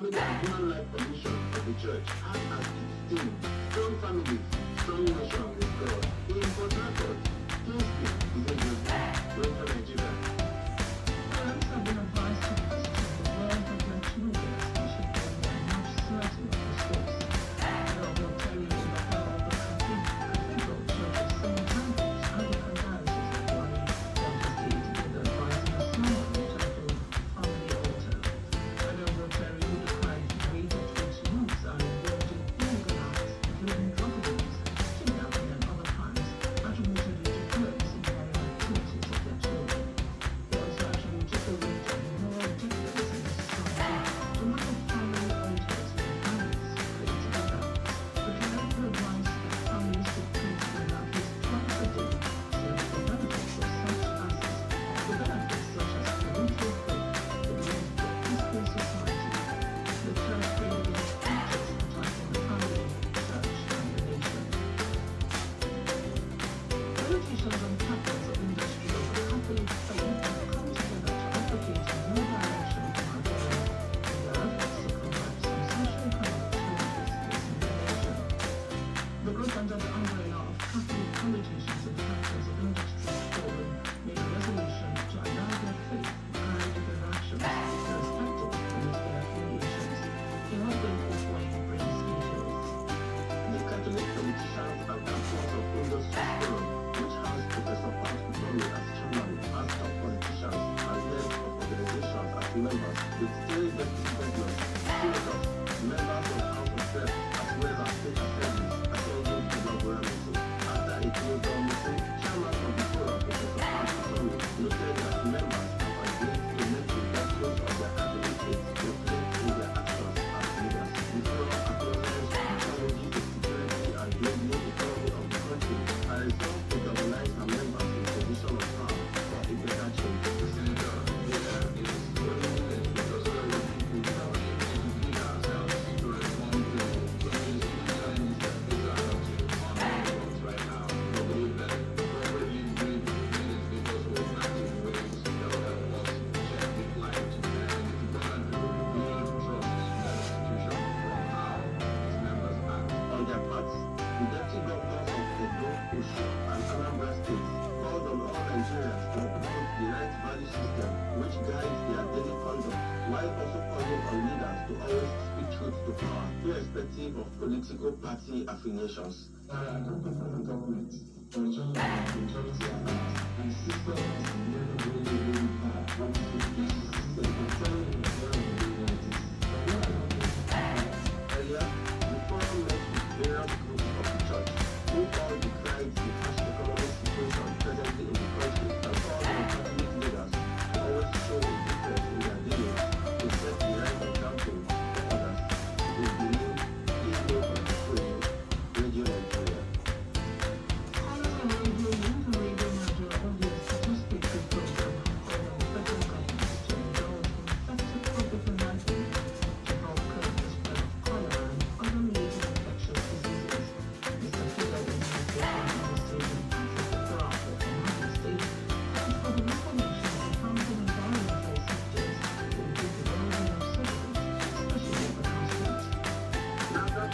Family human life mission of the church and as its theme strong families, strong nation with God. The important thought, Kingston is a Remember, the details that is pregnant. Here it comes. their parts, the deputy governors of the Edo, Osun, and Anambra states called on all Nigerians to uphold the right value system which guides their daily conduct, while also calling on leaders to always speak truth to power, irrespective of political party affiliations. Uh, I don't the government the majority and system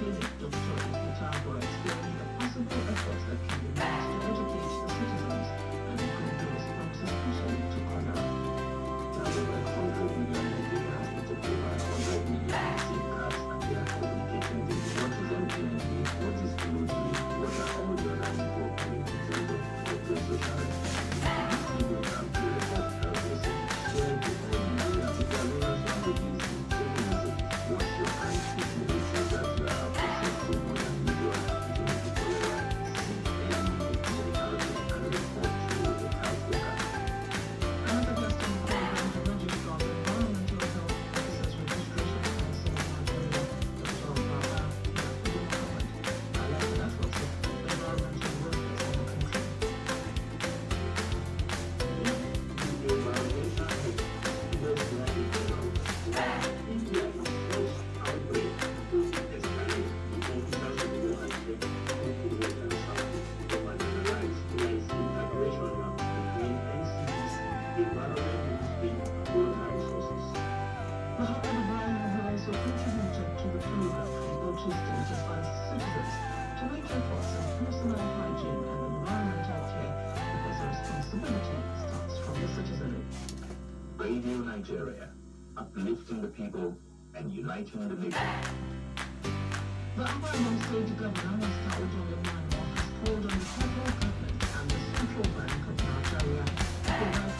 physical story the possible efforts that can be made to educate the citizens and improve those from suspicion. Square, uplifting the people and uniting the nation. The upper state governors held on the land called on the federal government and the central bank of Nigeria